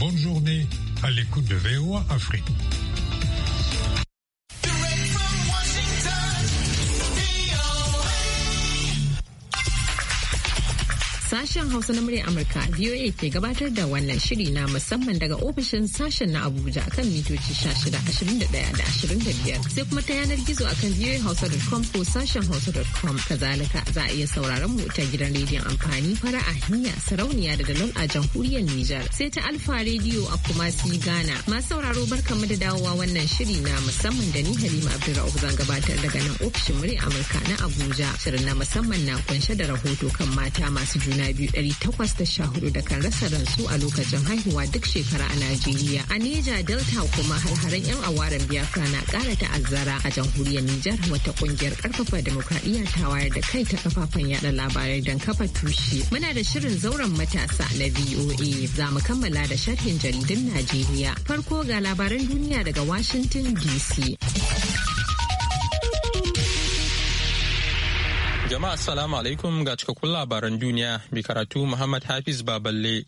bonne journée à l'écoute de VOA Afrique. Sashen Hausa na muryar Amurka VOA ke gabatar da wannan shiri na musamman daga ofishin sashen na Abuja akan mitoci 16, da 25 sai kuma ta yanar gizo akan voahausa.com ko sashen hausa.com. Kazalika za a iya sauraron mu ta gidan rediyon amfani fara a hanya sarauniya da dalol a jamhuriyar Nijar sai ta Alfa rediyo a Kumasi Ghana. ma sauraro mu da dawowa wannan shiri na musamman da ni Halima Abdulrahman zan gabatar daga nan ofishin muryar Amurka na Abuja. Shirin na musamman na kunshe da rahoto kan mata masu juna mutane biyu ɗari takwas da sha hudu da kan rasa ransu a lokacin haihuwa duk shekara a Najeriya. A Neja Delta kuma har-haren 'yan awaren Biafra na ƙara ta'azzara a jamhuriyar Nijar wata ƙungiyar ƙarfafa demokradiyya ta wayar da kai ta kafafen yada labarai don kafa tushe. Muna da shirin zauren matasa na VOA za mu kammala da sharhin jaridun Najeriya. Farko ga labaran duniya daga Washington DC. Jama'a salamu alaikum ga cikakkun labaran duniya mai karatu Muhammad Hafiz Baballe.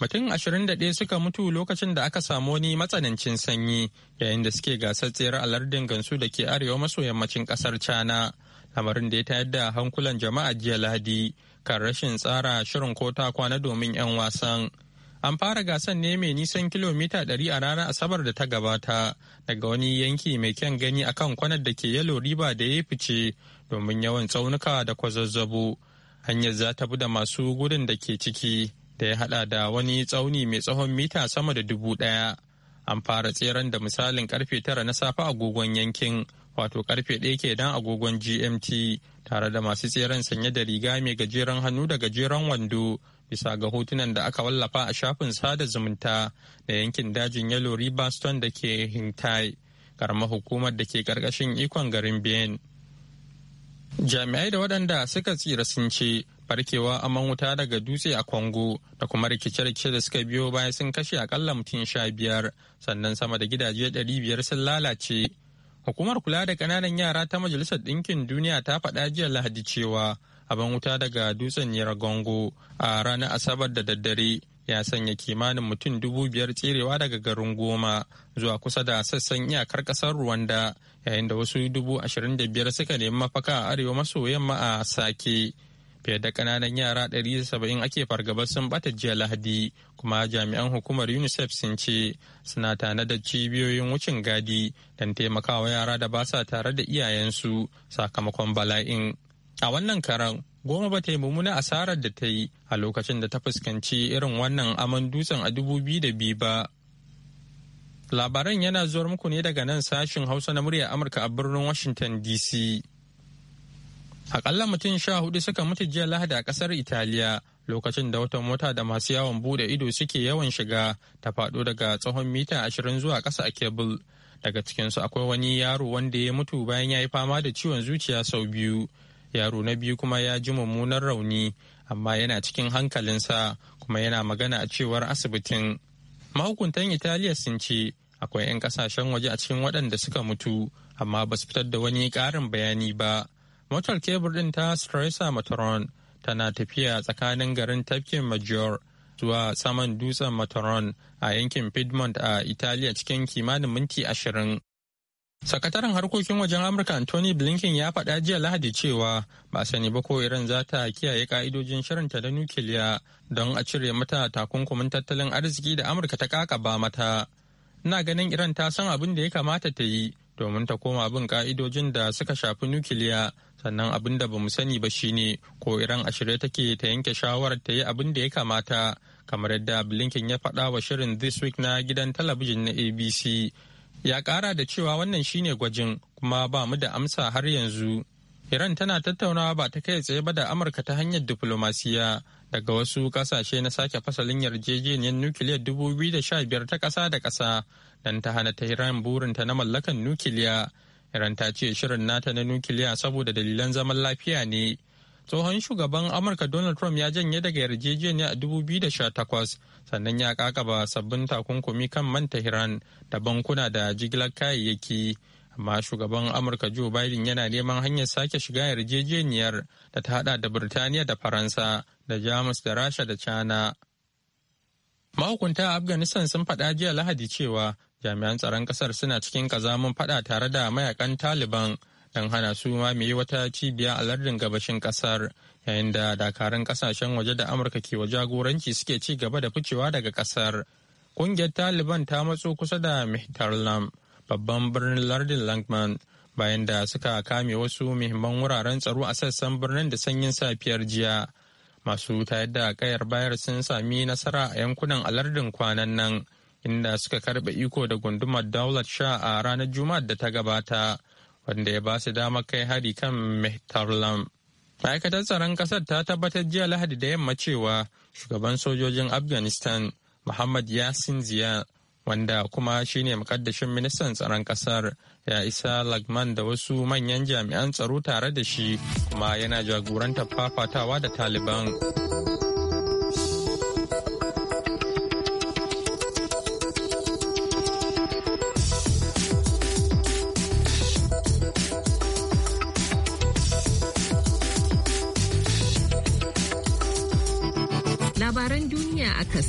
Mutum da 21 suka mutu lokacin da aka samu wani matsanancin sanyi yayin da suke gasar tsere a lardin gansu da ke arewa maso yammacin kasar cana Lamarin da ya tayar da hankulan jama'a jiya Lahadi kan rashin tsara shirin ko kwana domin 'yan wasan. An fara gasan ne mai nisan kilomita ɗari a ranar Asabar da ta gabata daga wani yanki mai kyan gani akan kwanar da ke yalo riba da ya fice domin yawan tsaunuka da kwazazzabo hanyar za ta bi da masu gudun da ke ciki da ya hada da wani tsauni mai tsawon mita sama da dubu daya an fara tseren da misalin karfe tara na safe agogon yankin wato karfe ɗaya ke dan agogon gmt tare da masu tseren sanye da riga mai gajeren hannu da gajeren wando bisa ga hotunan da aka wallafa a shafin sada zumunta da yankin dajin yellow baston da ke hintai karamar hukumar da ke karkashin ikon garin ben. jami'ai da waɗanda suka tsira sun ce barkewa aman wuta daga dutse a congo da kuma rikice-rikice da suka biyo baya sun kashe akalla mutum sha biyar sannan sama da gidaje ɗari biyar sun lalace hukumar kula da ƙananan yara ta majalisar ɗinkin duniya ta faɗa jiya lahadi cewa abin wuta daga dutsen gongo a ranar asabar da daddare ya sanya kimanin mutum dubu biyar tserewa daga garin goma zuwa kusa da sassan iyakar ƙasar ruwanda yayin da wasu dubu ashirin da biyar suka nemi mafaka a arewa maso yamma a sake fiye da kananan yara ɗari saba'in ake fargaba sun bata jiya lahadi kuma jami'an hukumar unicef sun ce suna tanada cibiyoyin wucin gadi don taimakawa yara da ba sa tare da iyayensu sakamakon bala'in a wannan karan goma ba ta yi mummuna asarar da ta yi a lokacin da ta fuskanci irin wannan aman dutsen a dubu biyu da biyu ba Labaran yana zuwar muku ne daga nan sashin Hausa na muryar Amurka a birnin Washington DC. Akalla mutum sha hudu suka mutu jiya Lahadi a ƙasar Italiya lokacin da wata mota da masu yawon bude ido suke yawan shiga ta faɗo daga tsawon mita ashirin zuwa ƙasa a kebul. Daga cikinsu akwai wani yaro wanda ya mutu bayan ya yi fama da ciwon zuciya sau biyu. Yaro na biyu kuma ya ji mummunar rauni amma yana cikin hankalinsa kuma yana magana a cewar asibitin. mahukuntan italiya sun ce akwai 'yan kasashen waje a cikin waɗanda suka mutu amma ba su fitar da wani ƙarin bayani ba motar kebur ɗin ta stresa matron tana tafiya tsakanin garin tafkin major zuwa saman dutsen matron a yankin piedmont a italiya cikin kimanin minti ashirin Sakataren harkokin wajen Amurka Anthony Blinken ya faɗa jiya Lahadi cewa ba sani ba ko Iran za ta kiyaye ka'idojin shirinta da nukiliya don a cire mata takunkumin tattalin arziki da Amurka ta kaka ba mata. Ina ganin Iran ta san abin da ya kamata ta yi domin ta koma bin ka'idojin da suka shafi nukiliya sannan abin da ba mu sani ba shine ko Iran a shirye take ta yanke shawarar ta yi abin da ya kamata kamar yadda Blinken ya faɗa wa shirin This Week na gidan talabijin na ABC ya kara da cewa wannan shine gwajin kuma ba mu da amsa har yanzu iran tana tattaunawa ba ta kai tsaye ba da amurka ta hanyar diflomasiya daga wasu kasashe na sake fasalin yarjejeniyar nukiliyar biyar ta kasa da kasa don ta hana ta iran burinta na mallakan nukiliya iran ta ce shirin nata na nukiliya saboda dalilan zaman lafiya ne tsohon shugaban amurka donald trump ya janye daga yarjejeniya a 2018 sannan ya kakaba sabbin takunkumi kan man tehran da bankuna da jigilar kayayyaki amma shugaban amurka joe biden yana neman hanyar sake shiga yarjejeniyar da ta hada da birtaniya da faransa da jamus da rasha da china mahukunta a afghanistan sun faɗa jiya lahadi cewa jami'an tsaron ƙasar suna cikin kazamin faɗa tare da mayakan taliban yan hana su ma yi wata cibiya a lardin gabashin kasar yayin da dakarun kasashen waje da amurka ke wa jagoranci suke ci gaba da ficewa daga kasar kungiyar taliban ta matso kusa da mihtarlam babban birnin lardin langman bayan da suka kame wasu muhimman wuraren tsaro a sassan birnin da sanyin safiyar jiya masu tayar da kayar bayar sun sami nasara a yankunan alardin kwanan nan inda suka karbe iko da gundumar daular sha a ranar juma'ar da ta gabata wanda ya ba su dama kai hari kan mehtarlam ma'aikatar tsaron ƙasar ta tabbatar jiya lahadi da yamma cewa shugaban sojojin afghanistan muhammad yasin ziya wanda kuma shine makaddashin ministan tsaron kasar ya isa lagman da wasu manyan jami'an tsaro tare da shi kuma yana jagorantar fafatawa da taliban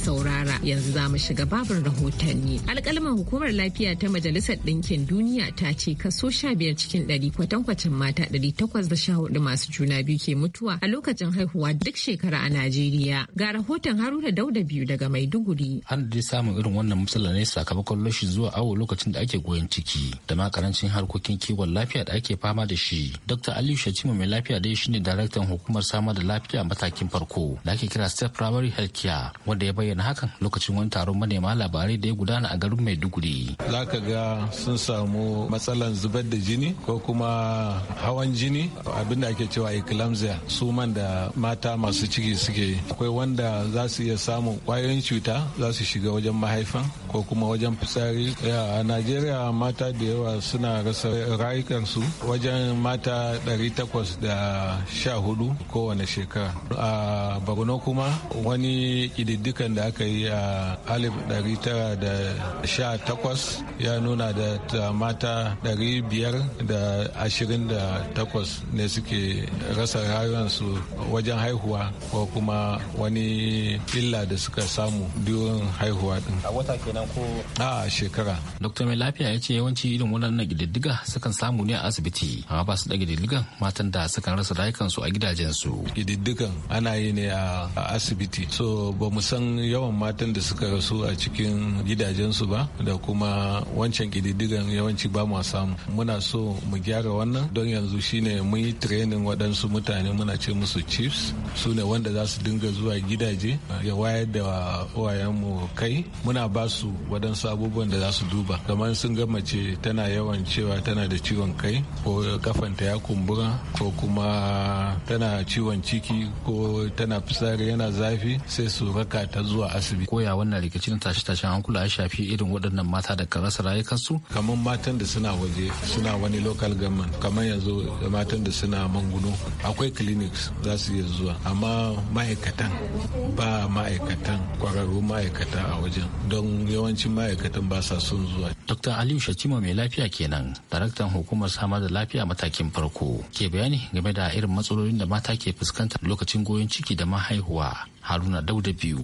saurara yanzu za mu shiga babin rahotanni. Alƙalman hukumar lafiya ta Majalisar Ɗinkin Duniya ta ce kaso sha biyar cikin ɗari kwatankwacin mata ɗari takwas da sha hudu masu juna biyu ke mutuwa a lokacin haihuwa duk shekara a Najeriya. Ga rahoton Haruna Dauda biyu daga Maiduguri. An da samun irin wannan matsala ne sakamakon rashin zuwa awo lokacin da ake goyon ciki da ma karancin harkokin kiwon lafiya da ake fama da shi. Dr. Aliyu Shatima mai lafiya dai shine daraktan hukumar samar da lafiya matakin farko da ake kira Step Primary Health Care wanda ya bayyana bayyana hakan lokacin wani taron manema labarai da ya gudana a garin maiduguri za ka ga sun samu matsalan zubar da jini ko kuma hawan jini abinda ake cewa eclampsia su man da mata masu ciki suke akwai wanda za su iya samun kwayoyin cuta za su shiga wajen mahaifan ko kuma wajen fitsari a najeriya mata da yawa suna rasa rayukansu wajen mata takwas da sha 814 kowane shekara a borno kuma wani ƙididdikan da aka yi a 1918 ya nuna da mata 528 ne suke rasa rayuwarsu wajen haihuwa ko kuma wani illa da suka samu durin haihuwa din. A wata kenan ko? A shekara. Dr. Mai Lafiya ya ce yawanci irin waɗannan ƙididdiga sukan samu ne a asibiti amma ba su da ƙididdigan matan da sukan rasa rayukansu a gidajensu. Ƙididdigan ana yi ne a asibiti so ba mu san yawan matan da suka rasu a cikin gidajensu ba da kuma wancan kididdigan yawanci ba mu samu muna so mu gyara wannan don yanzu shine mun yi training waɗansu mutane muna ce musu chiefs su ne wanda za su dinga zuwa gidaje ya wayar da mu kai muna ba su waɗansu abubuwan da za su duba kamar sun ga mace tana yawan cewa tana da ciwon kai ko kafanta ya kumbura ko kuma tana ciwon ciki ko tana fitsari yana zafi sai su raka ta zuwa zuwa asibiti koya wannan rikicin tashi tashen hankula ya shafi irin waɗannan mata da karasa rasa rayukansu kamar matan da suna waje suna wani local government kamar yanzu matan da suna manguno akwai clinics za su iya zuwa amma ma'aikatan ba ma'aikatan kwararru ma'aikata a wajen don yawancin ma'aikatan ba sa son zuwa dr aliyu shatima mai lafiya kenan daraktan hukumar sama da lafiya matakin farko ke bayani game da irin matsalolin da mata ke fuskanta lokacin goyon ciki da mahaihuwa haruna dauda biyu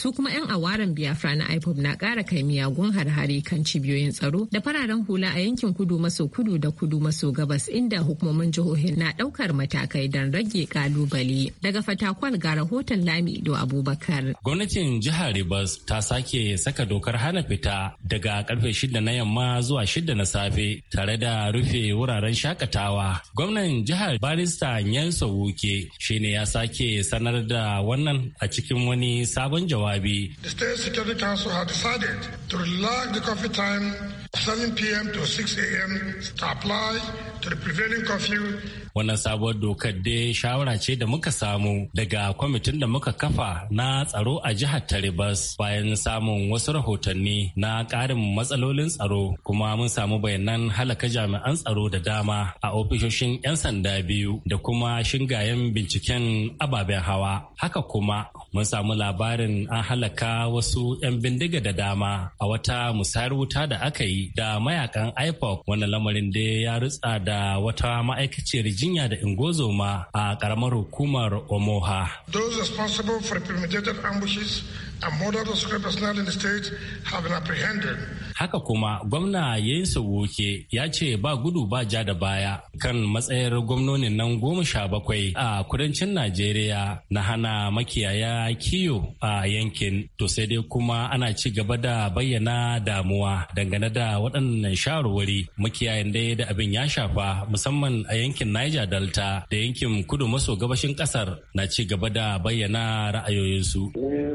su kuma 'yan awaran biafra na ipob na ƙara kai miyagun harhari kan cibiyoyin tsaro da fararen hula a yankin kudu maso kudu da kudu maso gabas inda hukumomin jihohin na ɗaukar matakai don rage ƙalubale daga fatakwal ga rahoton lami do abubakar gwamnatin jihar ribas ta sake saka dokar hana fita daga karfe shida na yamma zuwa shida na safe tare da rufe wuraren shakatawa gwamnan jihar barista nyansa wuke shine ya sake sanar da wannan a cikin wani sabon jawabi jawabi. The State Security Council had decided to relax the coffee time 7 p.m. to 6 a.m. to apply to the prevailing curfew wannan sabuwar dokar dai shawara ce da muka samu daga kwamitin da muka kafa na tsaro a jihar taribas bayan samun wasu rahotanni na ƙarin matsalolin tsaro kuma mun samu bayanan halaka jami'an tsaro da dama a ofishoshin 'yan sanda biyu da kuma shingayen binciken ababen hawa haka kuma mun samu labarin an halaka wasu 'yan bindiga da dama a wata musayar wuta da aka yi da mayakan ipop wani lamarin da ya rutsa da wata ma'aikaciyar jinya da ingozoma a karamar hukumar omoha those responsible for premeditated ambushes and murder of secret personnel in the state have been apprehended Haka kuma gwamna Yinsa Woke ya ce ba gudu ba ja da baya kan matsayar gwamnonin nan goma sha bakwai a kudancin Najeriya na hana makiyaya kiyo a yankin. To sai dai kuma ana ci gaba da bayyana damuwa dangane da waɗannan shawarwari makiyayan dai da abin ya shafa musamman a yankin Niger Delta da yankin kudu maso gabashin ƙasar na ci gaba da bayyana ra'ayoyinsu.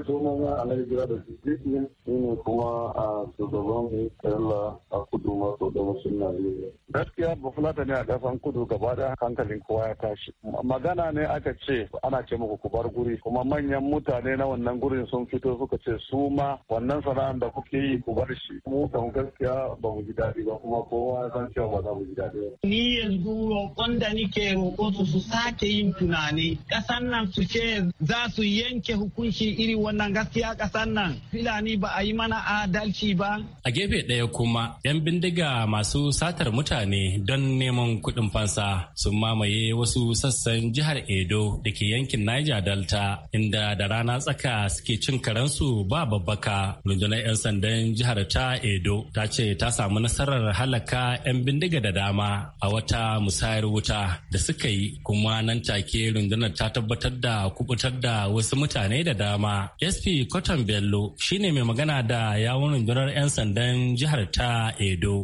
sunana alhaji jira da sisi ne kuma a shugaban mu a kudu maso da wasu najeriya gaskiya ba ne a kasan kudu gaba da hankalin kowa ya tashi magana ne aka ce ana ce muku ku bar guri kuma manyan mutane na wannan gurin sun fito suka ce su ma wannan sana'ar da kuke yi ku bar shi mu kan gaskiya ba mu ji daɗi ba kuma kowa ya san cewa ba za mu ji daɗi ba. ni yanzu roƙon da nike roƙon su su sake yin tunani ƙasan nan su ce za su yanke hukunci iri wannan gaskiya ƙasan nan filani ba a yi mana adalci ba. a gefe ɗaya kuma 'yan bindiga masu satar mutane mutane don neman kuɗin fansa sun mamaye wasu sassan jihar edo da ke yankin niger delta inda da rana tsaka suke cin karensu ba babbaka rundunar 'yan sandan jihar ta edo ta ce ta samu nasarar halaka 'yan bindiga da dama a wata musayar wuta da suka yi kuma nan take rundunar ta tabbatar da kubutar da wasu mutane da dama sp cotton bello shine mai magana da yawon rundunar 'yan sandan jihar ta edo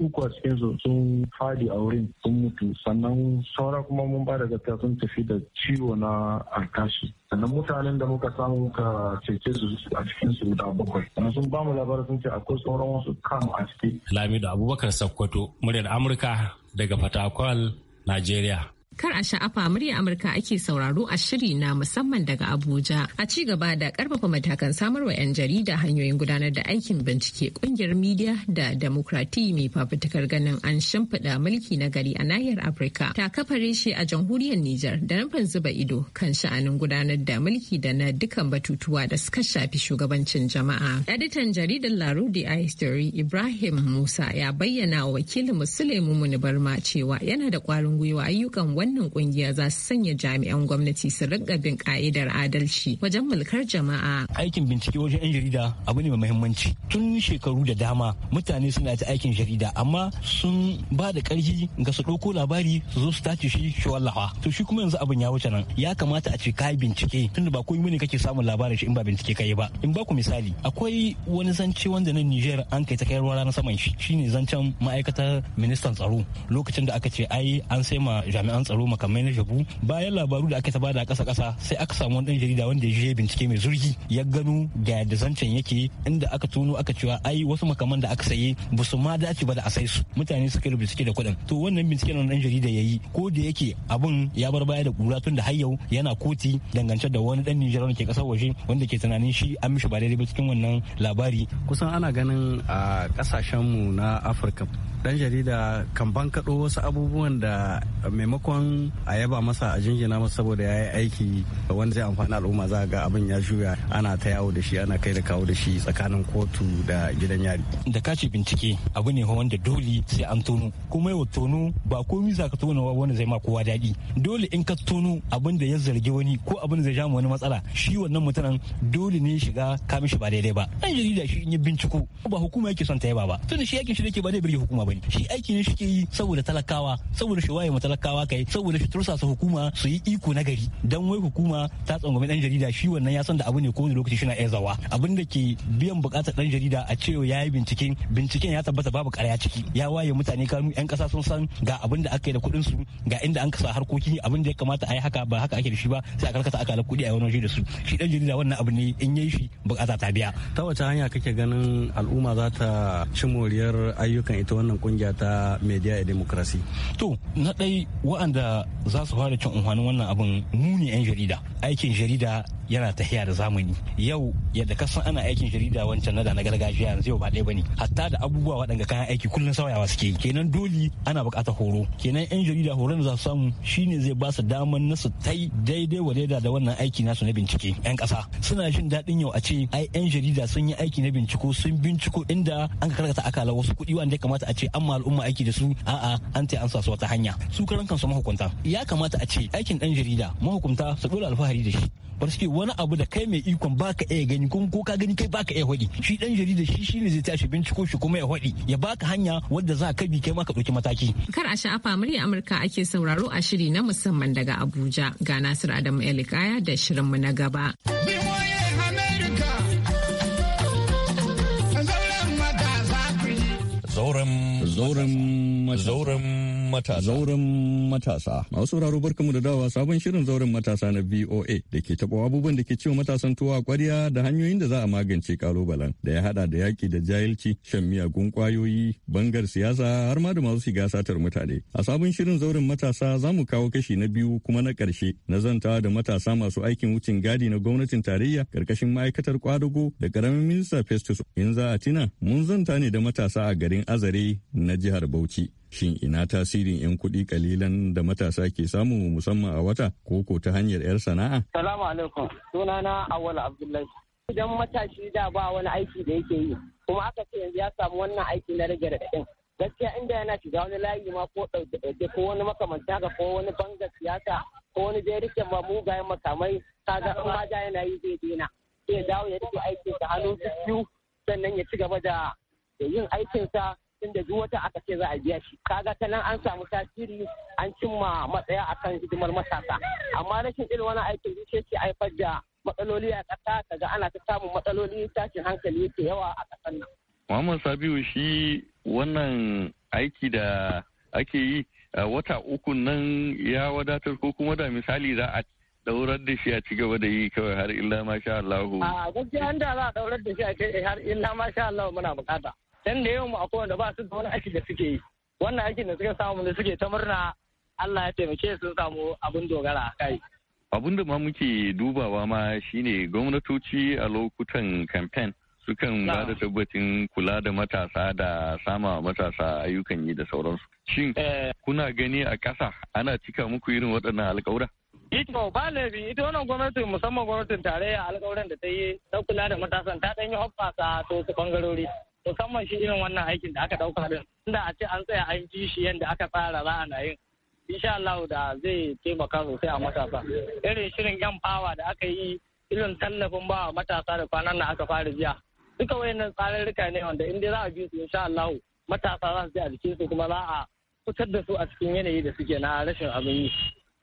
uku a cikin su sun fadi a wurin sun mutu sannan saura kuma mun ba da gaskiya sun tafi da ciwo na alkashi. sannan mutanen da muka samu ka cece su a cikin su da bakwai sannan sun bamu labarin sun ce akwai sauran wasu kama a ciki lamido abubakar sakkwato muryar amurka daga fatakwal Najeriya. Kar a sha'afa murya Amurka ake sauraro a shiri na musamman daga Abuja. A ci gaba da karfafa matakan samarwa 'yan jarida hanyoyin gudanar da aikin bincike kungiyar media da demokrati mai fafutukar ganin an shimfiɗa mulki na gari a nahiyar Afirka ta kafa reshe a jamhuriyar Nijar da nufin zuba ido kan sha'anin gudanar da mulki da na dukkan batutuwa da suka shafi shugabancin jama'a. Editan jaridar Larudi a History Ibrahim Musa ya bayyana wa wakilin Musulemu Munibarma cewa yana da kwarin gwiwa ayyukan wannan kungiya za su sanya jami'an gwamnati su rinka bin ka'idar adalci wajen mulkar jama'a. Aikin bincike wajen 'yan jarida abu ne mai muhimmanci. Tun shekaru da dama mutane suna ta aikin jarida amma sun ba da ƙarfi ga su ɗauko labari su zo su tace shi shi wallafa. To shi kuma yanzu abin ya wuce nan. Ya kamata a ce kai bincike tun da ba komai ne kake samun labarin shi in ba bincike kai ba. In ba ku misali akwai wani zance wanda nan Niger an kai ta kai ruwa na saman shi shine zancen ma'aikatar ministan tsaro lokacin da aka ce ai an sai ma jami'an tsaro makamai na shafu bayan labaru da aka bada a ƙasa ƙasa sai aka samu wani jarida wanda ya je bincike mai zurgi ya gano ga yadda zancen yake inda aka tono aka cewa ai wasu makaman da aka saye ba su ma dace ba da a sai su mutane suka yi bincike da kuɗin to wannan binciken na dan jarida yayi ko da yake abun ya bar baya da kura tun da har yau yana koti dangance da wani dan Nijar wanda ke kasar waje wanda ke tunanin shi an mishi ba daidai ba cikin wannan labari kusan ana ganin a kasashen mu na Afirka dan jarida kan bankaɗo wasu abubuwan da maimakon maimakon a yaba masa a jinjina masa saboda ya yi aiki wanda zai amfani al'umma za ga abin ya juya ana ta yawo da shi ana kai da kawo da shi tsakanin kotu da gidan yari da kace bincike abu ne wanda dole sai an tono kuma yau tono ba komi za ka tono wanda zai ma kowa daɗi dole in ka tono abin da ya zargi wani ko abin da zai ja wani matsala shi wannan mutumin dole ne shiga ka mishi ba daidai ba dan jarida shi in yi binciko ba hukuma yake son ta yaba ba tunda shi aikin shi da ke ba zai birge hukuma ba ne shi aikin shi ke yi saboda talakawa saboda shi waye matalakawa kai saboda shi tursasa hukuma su yi iko na gari dan wai hukuma ta tsangwame dan jarida shi wannan ya san da abu ne kowane lokaci shi na iya zawa abin da ke biyan bukatar dan jarida a cewa ya yi bincike binciken ya tabbata babu karya ciki ya waye mutane kanu yan kasa sun san ga abin da aka yi da kuɗin su ga inda an kasa harkoki abin da ya kamata a yi haka ba haka ake da shi ba sai a karkata akalar kuɗi a wani waje da su shi dan jarida wannan abu ne in yayi shi bukata ta biya ta wace hanya kake ganin al'umma za ta ci moriyar ayyukan ita wannan kungiya ta media a democracy to na dai wa'anda da za su fara cin amfanin wannan abin muni 'yan jarida aikin jarida yana tahiya da zamani yau yadda ka san ana aikin jarida wancan na da na gargajiya yanzu yau ba ɗaya bane hatta da abubuwa waɗanda kayan aiki kullum sauyawa suke kenan dole ana buƙatar horo kenan 'yan jarida horon da za su samu shine zai ba su damar na su tai daidai wa da wannan aiki nasu na bincike 'yan kasa suna jin daɗin yau a ce ai 'yan jarida sun yi aiki na binciko sun binciko inda an karkata akala wasu kuɗi wanda ya kamata a ce an ma al'umma aiki da su a'a an ta an sa su wata hanya su karan kansu mahukunta mahukunta ya kamata a ce aikin dan jarida mahukunta su dole alfahari da shi bar suke wani abu da kai mai ikon baka iya gani kuma ko ka gani kai baka iya hodi shi dan jarida shi shine zai tashi binciko shi kuma ya hodi ya baka hanya wadda za ka bi kai ma ka dauki mataki kar a sha'afa murya amurka ake sauraro a shiri na musamman daga abuja ga nasir adamu elikaya da shirinmu na gaba. Zoram Zoram Zoram matasa. Zauren matasa. Masu sauraro barkamu da dawa sabon shirin zauren matasa na VOA da ke taɓa abubuwan da ke cewa matasan tuwa kwarya da hanyoyin da za a magance ƙalubalen da ya haɗa da yaƙi da jahilci, shan miyagun ƙwayoyi, bangar siyasa har ma da masu shiga satar mutane. A sabon shirin zauren matasa za mu kawo kashi na biyu kuma na ƙarshe na zantawa da matasa masu aikin wucin gadi na gwamnatin tarayya ƙarƙashin ma'aikatar kwadago da ƙaramin minista Festus. In za a tina mun zanta ne da matasa a garin Azare na jihar Bauchi. shin ina tasirin 'yan kuɗi kalilan da matasa ke samu musamman a wata ko ko ta hanyar 'yar sana'a? Salamu alaikum, sunana Awal Abdullahi. Idan matashi da ba wani aiki da yake yi, kuma aka ce yanzu ya samu wannan aiki na rage raɗaɗin. Gaskiya inda yana shiga wani layi ma ko ɗauke ko wani makamanta ga ko wani banga siyasa ko wani da ya ma mugayen makamai kaga in ma yana yi zai daina. Sai ya dawo ya rike da hannu biyu sannan ya ci gaba da yin aikinsa ɗin da wata aka ce za a biya shi kaga ta nan an samu tasiri an cimma matsaya akan hidimar matasa amma rashin irin wani aikin zuciya ke haifar da matsaloli a ƙasa kaga ana ta samun matsaloli tashin hankali yake yawa a ƙasar nan. Muhammad Sabiu shi wannan aiki da ake yi wata uku nan ya wadatar ko kuma da misali za a daurar da shi a ci gaba da yi kawai har illa masha Allah. A gaskiya da za a daurar da shi a har illa masha Allah muna bukata. dan da yawan mu akwai wanda ba su da wani aiki da suke yi wannan aikin da suka samu da suke ta murna Allah ya taimake sun samu abin dogara a kai abin da ma muke dubawa ma shine gwamnatoci a lokutan kamfen sukan ba da tabbacin kula da matasa da sama matasa ayyukan yi da sauransu shin eh. kuna gani a ƙasa ana cika muku irin waɗannan alƙawura Ito eh ba laifi ita wannan gwamnatin musamman gwamnatin tarayya alƙawuran da ta yi ta kula da matasan ta ɗan yi hoɓɓasa ta wasu ɓangarori musamman shi irin wannan aikin da aka dauka din inda a ce an tsaya an ji shi yadda aka tsara za a na yin insha Allah da zai taimaka sosai a matasa irin shirin yan fawa da aka yi irin tallafin ba matasa da kwanan nan aka fara jiya duka wayannan tsararruka ne wanda in dai za a bi su insha Allah matasa za su ji a jikin su kuma za a fitar da su a cikin yanayi da suke na rashin abin yi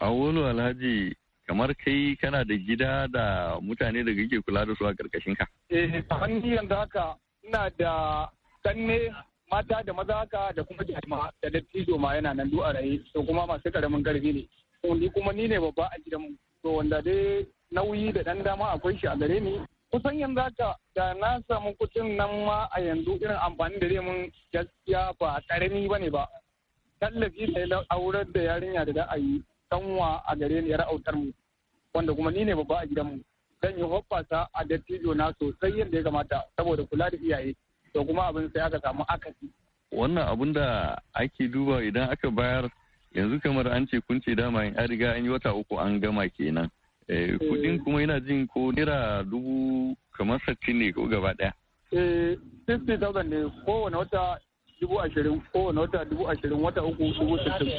a wani alhaji kamar kai kana da gida da mutane da kake kula da su a karkashin ka eh a hannun da haka ina da sanne mata da maza haka da kuma jama'a da dattijo ma yana nan du'a raye to kuma masu karamin garbi ne to ni kuma ni ne babba a gidan mu to wanda dai nauyi da dan dama akwai shi a gare ni kusan yanzu haka da na samu kucin nan ma a yanzu irin amfani da mun gaskiya ba karami ba ne ba tallafi da aurar da yarinya da za a yi kanwa a gare ni ya ra'autar mu wanda kuma ni ne babba a gidan mu zan yi hoppasa a dattijo na sosai yadda ya kamata saboda kula da iyaye to kuma abin sai aka samu akasi. Wannan abin da ake duba idan aka bayar yanzu kamar an ce kun ce dama an riga an yi wata uku an gama kenan. Eh, eh. Kudin kuma yana jin ko nira dubu kamar sattin ne ko gaba daya. Fifty eh, thousand ne kowane wata dubu ashirin kowane wata dubu ashirin wata uku dubu sittin.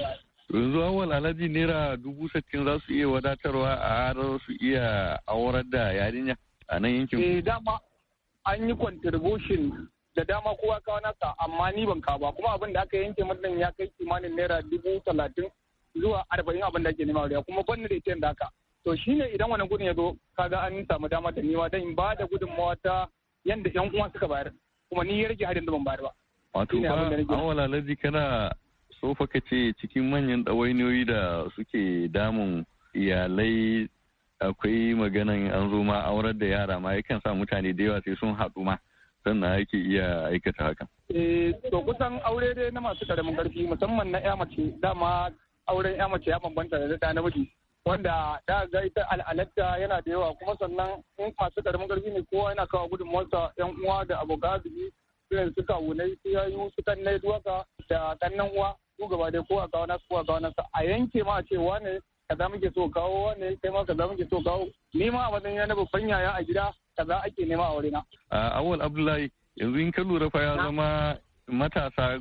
yanzu awal alhaji naira dubu sittin za su iya wadatarwa a har su iya aurar da yarinya a nan yankin eh dama an yi contribution da dama kowa kawo nasa amma ni ban kawo ba kuma abin da aka yanke matan ya kai kimanin naira dubu talatin zuwa arba'in abin da ake nema wariya kuma ban da ita da haka to shine idan wani gudun ya zo kaga an samu dama da niwa dan ba da gudunmawa ta yanda yan uwa suka bayar kuma ni ya rage har yanzu ban bayar ba wato ba awala laji kana fa ka ce cikin manyan ɗawainiyoyi da suke damun iyalai akwai maganan an zo ma aurar da yara ma yakan sa mutane da yawa sai sun haɗu ma sannan ake iya aikata haka. Eh, to kusan aure dai na masu karamin karfi musamman na 'ya mace dama auren 'ya mace ya bambanta da na namiji wanda da ga ita al'alatta yana da yawa kuma sannan in masu karamin karfi ne kowa yana kawo gudunmawarsa 'yan uwa da abokan arziki irin su kawunai su yayu su kannai duwaka da kannan uwa su gaba dai ko a kawo nasu ko a kawo nasu a yanke ma ce wane kaza muke so kawo wane kai ma kaza muke so kawo ni ma a wajen yana babban yaya a gida kaza ake nema a wurina. awal abdullahi yanzu in ka lura fa ya zama matasa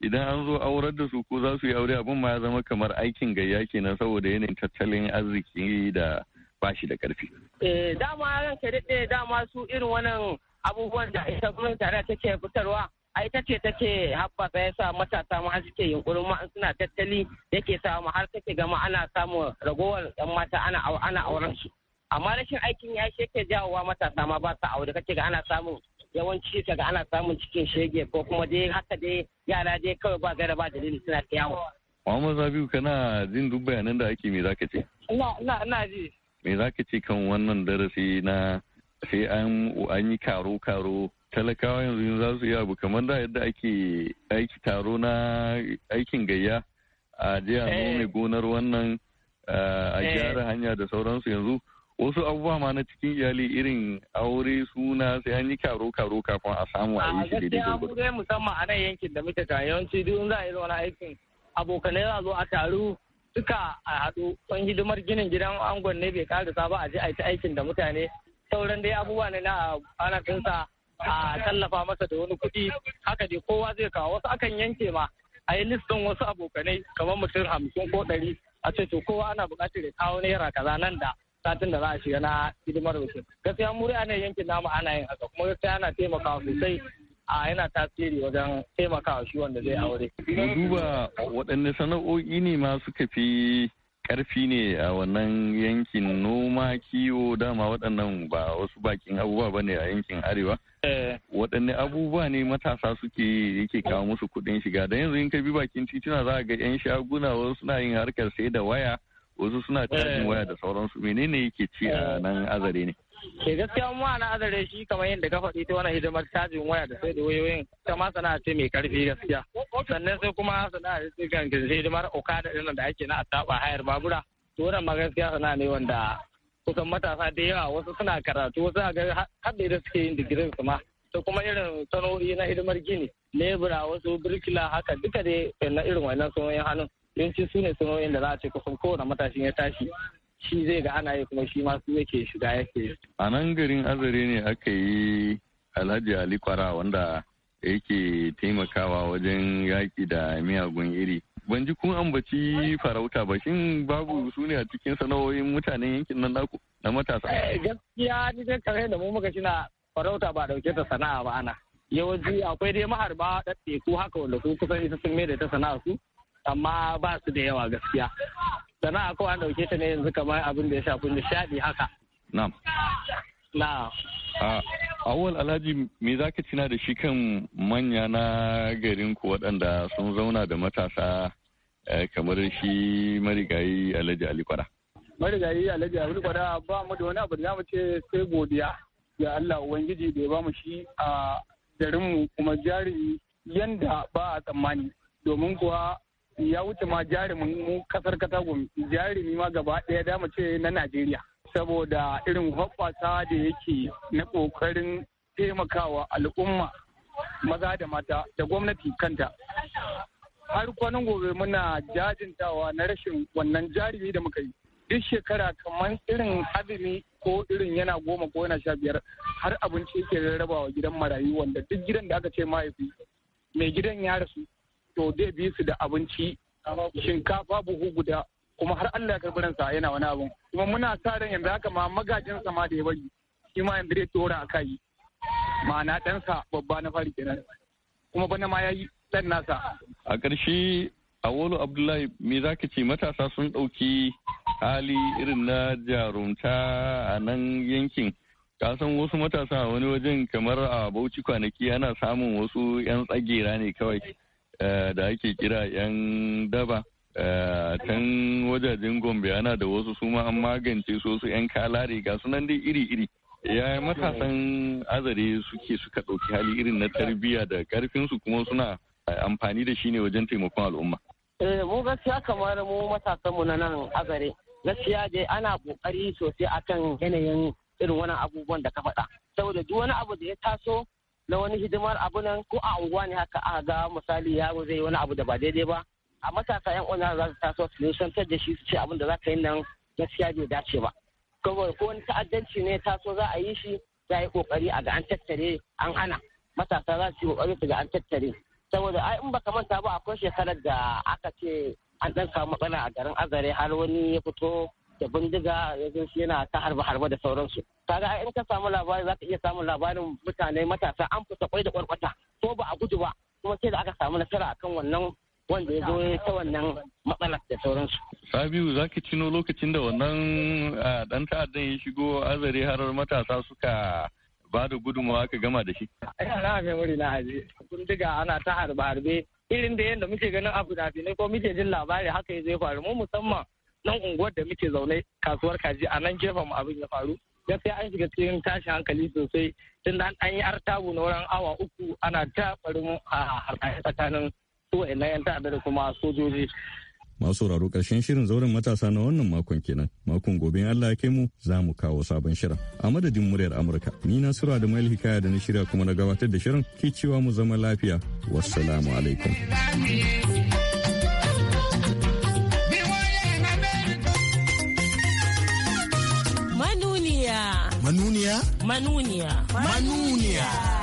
idan an zo aurar da su ko za su yi aure abin ma ya zama kamar aikin gayya kenan saboda yanayin tattalin arziki da bashi da karfi. Eh dama ranka daɗe dama su irin wannan abubuwan da ita gwamnati tare take fitarwa ai ta ce take haɓaka ya sa matasa ma suke yunkurin ma suna tattali yake sa ma har kake gama ana samun ragowar yan mata ana ana auren su amma rashin aikin ya shi yake jawowa matasa ma ba su aure kake ga ana samun yawanci ga ana samun cikin shege ko kuma dai haka dai yara dai kawai ba gara ba dalili suna yawo Muhammad Rabiu kana jin duk bayanan da ake me zaka ce? Ina ina ina ji. Me zaka ce kan wannan darasi na sai an yi karo karo talakawa yanzu za su yi abu kamar da yadda ake aiki taro na aikin gayya a je a eh. nome gonar wannan a eh. gyara hanya da sauransu yanzu wasu abubuwa ma na cikin iyali irin aure suna sai an yi karo karo kafin a samu a yi shi daidai gurgudu. A musamman a nan yankin da muke kan yawanci duk za a yi zauna aikin abokanai za a zo a taru duka a haɗu son hidimar ginin gidan angon ne bai karasa ba a je a yi ta aikin da mutane sauran dai abubuwa ne na ana kinsa a tallafa masa da wani kuɗi haka dai kowa zai kawo wasu akan yanke ma a yi listin wasu abokanai kamar mutum hamsin ko ɗari a ce to kowa ana buƙatar ya kawo naira kaza nan da satin da za a shiga na hidimar wasu gaskiya mu ana yankin namu ana yin haka kuma gaskiya ana taimakawa sosai a yana tasiri wajen taimakawa shi wanda zai aure. Mu duba waɗanne sana'o'i ne ma suka fi karfi ne a wannan yankin noma kiwo dama waɗannan ba wasu bakin abubuwa ba ne a yankin arewa Eh. waɗanne abubuwa ne matasa suke yake kawo musu kuɗin shiga da yanzu in ka bi bakin tituna za a ga 'yan shaguna wasu suna yin harkar sai da waya wasu suna cajin eh. waya da sauransu menene yake ci a eh. nan azare ne ke gaskiya mu na azare shi kamar yadda ka faɗi ta wani hidimar cajin waya da sai da wayoyin ta ma sana'a ce mai karfi gaskiya sannan sai kuma sana'a ce kan hidimar okada ɗin da ake na a hayar babura to wannan ma gaskiya sana'a ne wanda kusan matasa da yawa wasu suna karatu wasu a ga haɗe da suke yin digirin su ma to kuma irin sana'o'i na hidimar gini lebura wasu birkila haka duka dai na irin wannan sanoyin hannun yanci su ne sanoyin da za a ce kusan kowane matashin ya tashi shi zai ga ana yi kuma shi ma su yake shiga yake a nan garin azare ne aka yi alhaji ali kwara wanda yake taimakawa wajen yaƙi da miyagun iri ban ji kun ambaci farauta ba shin babu su ne a cikin sanawoyin mutanen yankin nan naku na matasa. Eh, gaskiya ni dai kamar da mu muka na farauta ba dauke ta sana'a ba ana. Yawanci akwai dai maharba ɗaɗɗe ko haka wanda ku kusan isa sun mai da ta sana'a su amma ba su da yawa gaskiya. Sana'a kawai an dauke ta ne yanzu kamar abin da ya shafi nishaɗi haka. Na'am. Na'am. awal alhaji me za ka cina da shi kan manya na garin ku waɗanda sun zauna da matasa eh, kamar shi marigayi alhaji ali marigayi alhaji ali ba mu da wani abu da mu ce sai godiya ga allah ubangiji da ya ba mu shi a mu kuma jari yanda ba a tsammani domin kuwa ya wuce ma jarumin mu kasar gumi jarumi ma gaba ɗaya da mu ce na najeriya saboda irin hoɓɓasa da yake na ƙoƙarin taimakawa al'umma maza da mata da gwamnati kanta har kwanan gobe muna jajintawa na rashin wannan jarumi da muka yi duk shekara kamar irin azumi ko irin yana goma ko yana sha biyar har abinci yake rarrabawa gidan marayu wanda duk gidan da aka ce mahaifi mai gidan ya rasu to zai bi su da abinci shinkafa buhu guda kuma har Allah ya karbi ransa yana wani abun kuma muna sa ran yanzu haka ma magajin sama da ya bari shi ma yanzu zai tsora a kai ma'ana ɗansa babba na fari kenan kuma bana ma ya yi ɗan nasa a ƙarshe awolu abdullahi me za ce matasa sun ɗauki hali irin na jarumta a nan yankin ka san wasu matasa wani wajen kamar a bauchi kwanaki ana samun wasu 'yan tsagera ne kawai eh, da ake kira 'yan daba Eh, tan wajajen gombe ana da wasu suma an magance su su 'yan kala riga sunan dai iri-iri ya yi matasan azare suke suka ɗauki hali irin na tarbiyya da su kuma suna eh, amfani da shi ne wajen taimakon al'umma. Eh, mu gaskiya kamar mu matasanmu na nan azare gaskiya dai ana ƙoƙari sosai akan yanayin irin wani abubuwan da ka faɗa saboda duk wani abu da ya taso na wani hidimar abu nan ko a unguwa ne haka a ga misali yaro zai wani abu da ba daidai ba a matasa yan uwan za su taso su nisantar da shi su ce abin da za ka yi nan gaskiya bai dace ba kawai ko wani ta'addanci ne taso za a yi shi za a yi kokari a ga an tattare an ana matasa za su yi kokari su ga an tattare saboda ai in baka manta ba akwai shekarar da aka ce an dan samu matsala a garin azare har wani ya fito da bindiga ya zo shi yana ta harba harba da sauransu kaga ai in ka samu labari zaka iya samun labarin mutane matasa an fita kwai da kwarkwata ko ba a gudu ba kuma sai da aka samu nasara akan wannan wanda ya zo ta wannan matsalar da sauransu. Sabiu za ki cino lokacin da wannan dan ta'addan ya shigo azare harar matasa suka ba da gudunmawa ka gama da shi. Ina na memori na aje. Kun diga ana ta harbe-harbe irin da yadda muke ganin abu da ne ko muke jin labari haka ya zai faru mu musamman nan unguwar da muke zaune kasuwar kaji a nan gefen abin ya faru. Ya sai an shiga cikin tashin hankali sosai tun da an yi artabu na wurin awa uku ana ta barin a tsakanin wa'annan 'yan ta'adda da kuma sojoji masu sauraro karshen shirin zauren matasa na wannan makon kenan makon gobe Allah ya kai mu za mu kawo sabon shirin a madadin muryar amurka ni na sura da mail hikaya da na shirya kuma na gabatar da shirin ke cewa mu zama lafiya wassalamu alaikum manuniya manuniya manuniya manuniya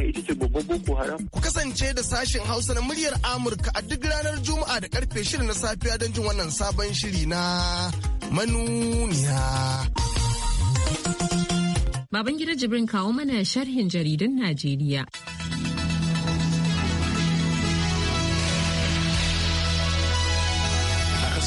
ita ce babban boko haram. Ku kasance da sashen Hausa na muryar Amurka a duk ranar Juma'a da karfe shirin na safiya don jin wannan sabon shiri na manuniya. Babangida Jibrin kawo mana sharhin jaridan Najeriya.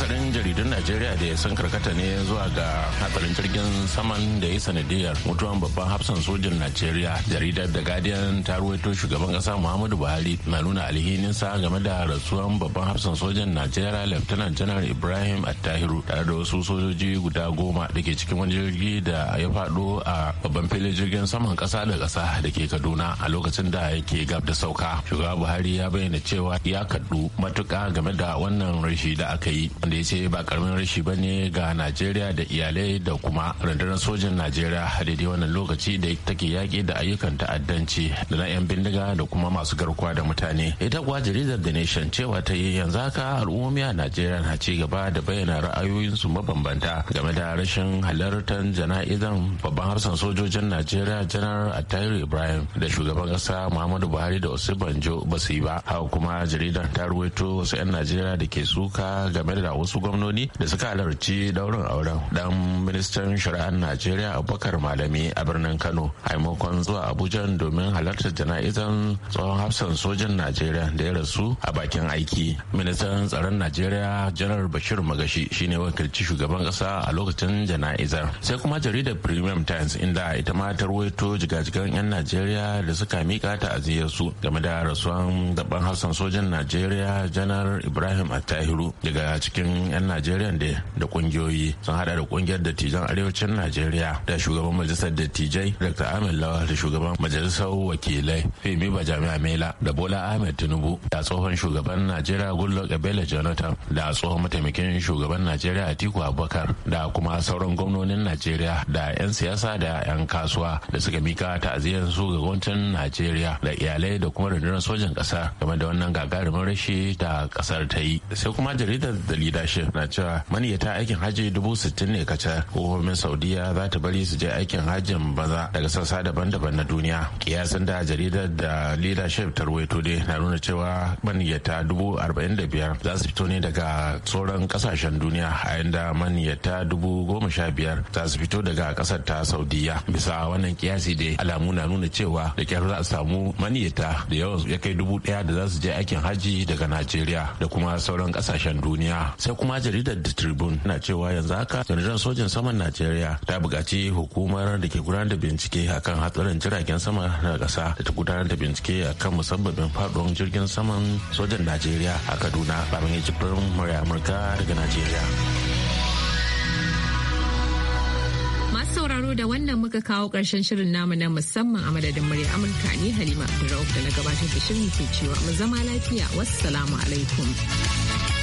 akasarin jaridun najeriya da ya san karkata ne zuwa ga hatsarin jirgin saman da ya sanadiyar mutuwan babban hafsan sojin najeriya jaridar da guardian ta ruwaito shugaban kasa muhammadu buhari na nuna alhininsa game da rasuwan babban hafsan sojin najeriya lieutenant general ibrahim attahiru tare da wasu sojoji guda goma da ke cikin wani jirgi da ya faɗo a babban filin jirgin saman kasa da kasa da ke kaduna a lokacin da yake gab da sauka shugaba buhari ya bayyana cewa ya kaddu matuƙa game da wannan rashi da aka yi da ya ce ba karamin rashi ba ne ga najeriya da iyalai da kuma rundunar sojan najeriya daidai wannan lokaci da take yaƙi da ayyukan ta'addanci da na 'yan bindiga da kuma masu garkuwa da mutane ita kuwa jaridar the nation cewa ta yi yanzu haka al'ummomi a najeriya na ci gaba da bayyana ra'ayoyinsu mabambanta game da rashin halartar jana'izan babban harsan sojojin najeriya janar attahiru ibrahim da shugaban ƙasa muhammadu buhari da osi banjo ba su yi ba haka kuma jaridar ta ruwaito wasu 'yan najeriya da ke suka game da wasu gwamnoni da suka halarci daurin auren dan ministan shari'ar najeriya abubakar malami a birnin kano a zuwa abuja domin halartar jana'izan tsohon hafsan sojan najeriya da ya rasu a bakin aiki ministan tsaron najeriya janar bashir magashi shine wakilci shugaban kasa a lokacin jana'izar sai kuma jaridar premium times inda ita ma ta ruwaito jigajigan 'yan najeriya da suka mika ta aziyar su game da rasuwan daban hafsan sojan najeriya janar ibrahim attahiru daga cikin 'yan najeriya da kungiyoyi sun hada da kungiyar dattijan arewacin najeriya da shugaban majalisar dattijai dr ahmed lawal da shugaban majalisar wakilai femi bajami'a mela da bola ahmed tinubu da tsohon shugaban najeriya goodluck abela jonathan da tsohon mataimakin shugaban najeriya atiku abubakar da kuma sauran gwamnonin najeriya da 'yan siyasa da 'yan kasuwa da suka mika ta'aziyar su ga gwamnatin najeriya da iyalai da kuma rundunar sojan kasa game da wannan gagarumin rashi da kasar ta yi sai kuma jaridar da hashin na cewa maniyata aikin hajji dubu sittin ne kace hukumomin saudiya za ta bari su je aikin hajjin baza daga sassa daban-daban na duniya kiyasin da jaridar da leadership ta ruwaito dai na nuna cewa maniyyata dubu arba'in da biyar za su fito ne daga sauran kasashen duniya a yanda maniyata dubu goma sha biyar za su fito daga kasar ta saudiya bisa wannan kiyasi dai alamu na nuna cewa da kyar za a samu maniyata da yawan ya kai dubu daya da za su je aikin hajji daga najeriya da kuma sauran kasashen duniya sai kuma jaridar the tribune na cewa yanzu haka rundunar sojin saman najeriya ta buƙaci hukumar da ke gudanar da bincike akan hatsarin jiragen sama na ƙasa da ta gudanar da bincike akan musabbabin faɗuwar jirgin saman sojan najeriya a kaduna babban ejibirin murya amurka daga najeriya masu sauraro da wannan muka kawo ƙarshen shirin namu na musamman a madadin murya amurka ne halima abdurrauf da na gabatar da shirin ke cewa mu zama lafiya wassalamu alaikum